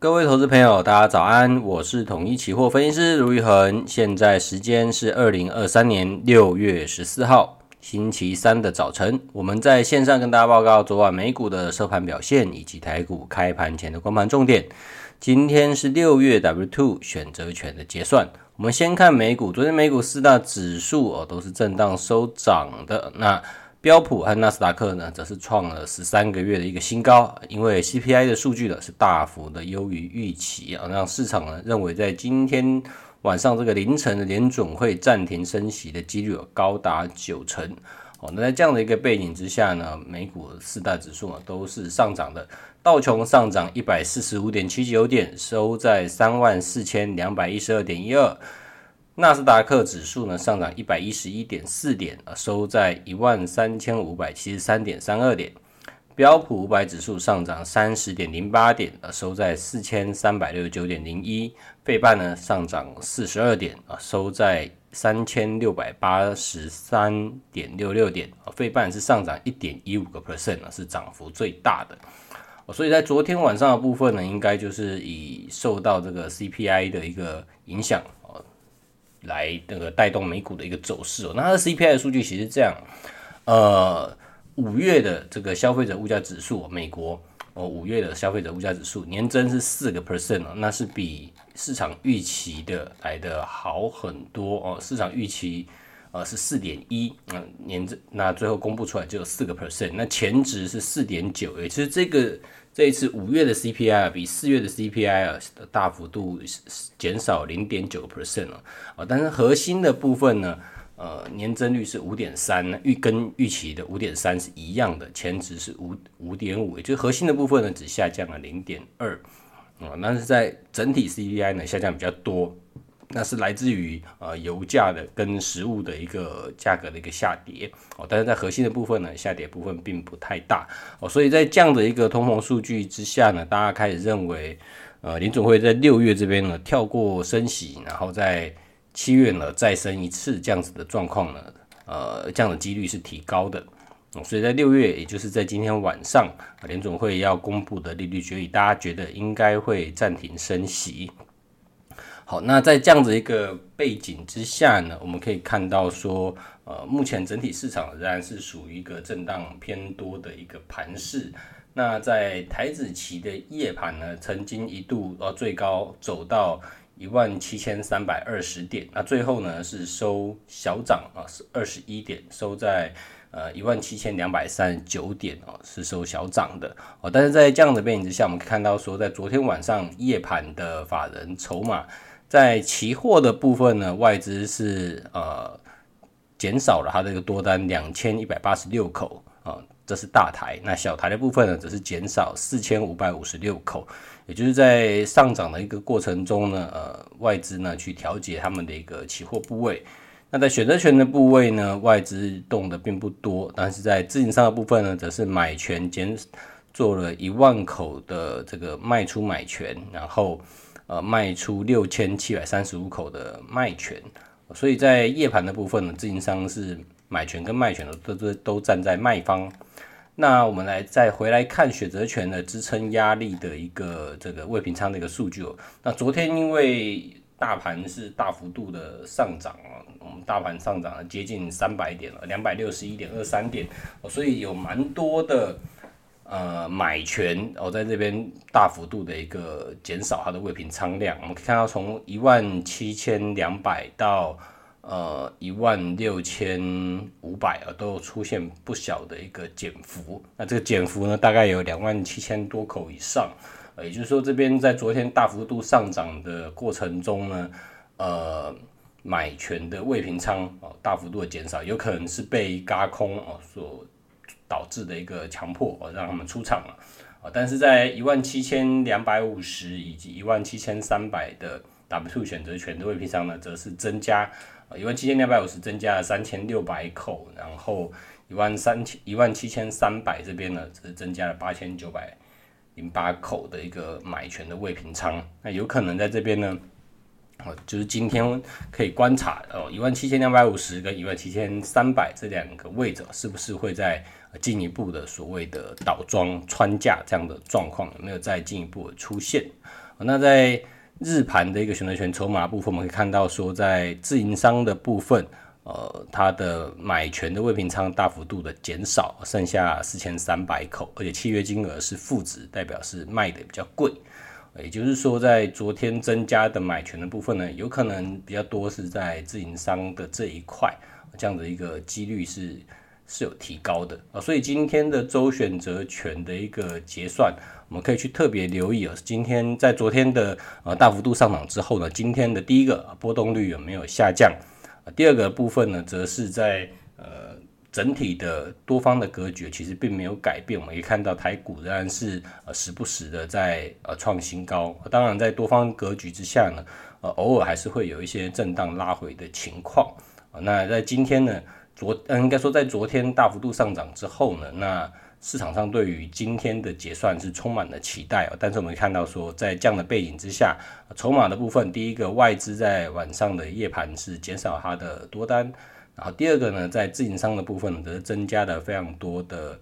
各位投資朋友，大家早安！我是統一期貨分析師盧昱衡，現在時間是二零二三年六月十四號星期三的早晨。我們在線上跟大家報告昨晚美股的收盤表現以及台股開盤前的觀盤重點。今天是六月 W Two 選擇權的結算。我們先看美股，昨天美股四大指數哦都是震盪收漲的。那標普和納斯達克呢，則是創了十三個月的一個新高，因為 CPI 的數據呢是大幅的優於預期啊，讓市場呢認為在今天晚上這個凌晨的聯準會暫停升息的幾率有高達九成。哦，那在這樣的一個背景之下呢，美股四大指數呢，都是上漲的，道瓊上漲一百四十五點七九點，收在三萬四千兩百一十二點一二。納斯達克指數呢，上漲一百一十一點四點啊，收在一萬三千五百七十三點三二點。標普五百指數上漲三十點零八點啊，收在四千三百六十九點零一。費半呢上漲四十二點啊，收在三千六百八十三點六六點啊，費半是上漲一點一五個 percent 啊，是漲幅最大的。哦，所以在昨天晚上的部分呢，應該就是以受到這個 CPI 的一個影響來那個帶動美股的一個走勢哦，那它的 CPI 數據其實是這樣，呃，五月的這個消費者物價指數，美國哦，五月的消費者物價指數年增是四個 percent 哦，那是比市場預期的來得好很多哦，市場預期。啊、呃，是四點一，嗯，年增那最後公布出來只有四個 percent，那前值是四點九，也就是這個這一次五月的 CPI 啊，比四月的 CPI 啊大幅度是減少零點九 percent 了，啊，但是核心的部分呢，呃，年增率是五點三，預跟預期的五點三是一樣的，前值是五五點五，就核心的部分呢只下降了零點二，啊，但是在整體 CPI 呢下降比較多。那是來自於呃油價的跟食物的一個價格的一個下跌哦，但是在核心的部分呢，下跌部分並不太大哦，所以在這樣的一個通膨數據之下呢，大家開始認為，呃聯準會在六月這邊呢跳過升息，然後在七月呢再升一次這樣子的狀況呢，呃這樣的幾率是提高的，所以在六月，也就是在今天晚上、呃、聯準會要公布的利率決議，大家覺得應該會暫停升息。好，那在這樣子一個背景之下呢，我們可以看到說，呃，目前整體市場仍然是屬於一個震盪偏多的一個盤勢。那在台指期的夜盤呢，曾經一度呃最高走到一萬七千三百二十點，那最後呢是收小漲啊、呃，是二十一點，收在呃一萬七千兩百三十九點、呃、是收小漲的。哦、呃，但是在這樣子背景之下，我們可以看到說，在昨天晚上夜盤的法人籌碼。在期貨的部分呢，外資是呃減少了它這個多單兩千一百八十六口啊，呃，這是大台。那小台的部分呢，則是減少四千五百五十六口，也就是在上漲的一個過程中呢，呃，外資呢去調節他們的一個期貨部位。那在選擇權的部位呢，外資動的並不多，但是在資金上的部分呢，則是買權減做了一萬口的這個賣出買權，然後。呃，賣出六千七百三十五口的賣權，所以在夜盤的部分呢，自營商是買權跟賣權的都都都站在賣方。那我們來再回來看選擇權的支撐壓力的一個這個未平倉的一個數據喔。那昨天因為大盤是大幅度的上漲啊，我們大盤上漲了接近三百點了，兩百六十一點二三點，哦，所以有蠻多的。呃，買權哦，在這邊大幅度的一個減少它的未平倉量，我們可以看到從一萬七千兩百到呃一萬六千五百啊，都有出現不小的一個減幅。那這個減幅呢，大概有兩萬七千多口以上，也就是說，這邊在昨天大幅度上漲的過程中呢，呃，買權的未平倉哦，大幅度的減少，有可能是被軋空哦所。導致的一個強迫我、哦、讓他們出場了。啊、哦，但是在一萬七千兩百五十以及一萬七千三百的 W Two 選擇權的未平倉呢，則是增加，一萬七千兩百五十增加了三千六百口，然後一萬三千一萬七千三百這邊呢，則是增加了八千九百零八口的一個買權的未平倉，那有可能在這邊呢，啊、哦，就是今天可以觀察哦，一萬七千兩百五十跟一萬七千三百這兩個位置是不是會在。進一步的所謂的倒裝穿價這樣的狀況有沒有再進一步的出現？那在日盤的一個選擇權籌碼部分，我們可以看到說，在自營商的部分，呃，它的買權的未平倉大幅度的減少，剩下四千三百口，而且契約金額是負值，代表是賣的比較貴。也就是說，在昨天增加的買權的部分呢，有可能比較多是在自營商的這一塊，這樣的一個幾率是，是有提高的啊，所以今天的週選擇權的一個結算，我們可以去特別留意啊。今天在昨天的呃、啊、大幅度上漲之後呢，今天的第一個、啊、波動率有沒有下降？啊、第二個部分呢，則是在呃整體的多方的格局其實並沒有改變，我們可以看到台股仍然是呃、啊、時不時的在呃、啊、創新高。啊、當然，在多方格局之下呢，呃、啊、偶爾還是會有一些震盪拉回的情況、啊。那在今天呢？昨，嗯，應該說在昨天大幅度上漲之後呢，那市場上對於今天的結算是充滿了期待哦，但是我們看到說，在這樣的背景之下，籌碼的部分，第一個外資在晚上的夜盤是減少它的多單，然後第二個呢，在自營商的部分則增加了非常多的，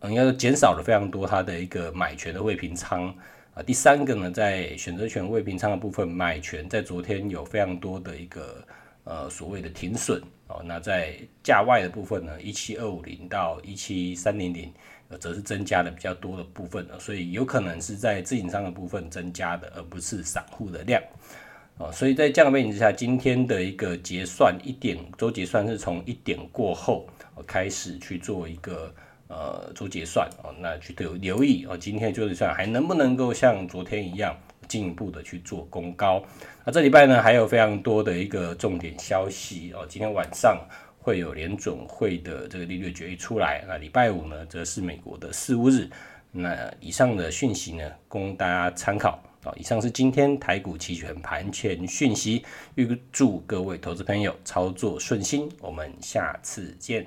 嗯，應該說減少了非常多它的一個買權的未平倉啊。第三個呢，在選擇權未平倉的部分，買權在昨天有非常多的一個呃所謂的停損。哦，那在價外的部分呢，一七二五零到一七三零零，呃，則是增加的比較多的部分呢，所以有可能是在自營商的部分增加的，而不是散戶的量。哦，所以在這樣的背景之下，今天的一個結算，一點周結算是從一點過後開始去做一個呃周結算，哦，那去留留意哦，今天就是算還能不能夠像昨天一樣，進一步的去做攻高，那這禮拜呢還有非常多的一個重點消息哦，今天晚上會有聯準會的這個利率決議出來，那禮拜五呢則是美國的四巫日，那以上的訊息呢供大家參考啊、哦，以上是今天台股期權盤前訊息，預祝各位投資朋友操作順心，我們下次見。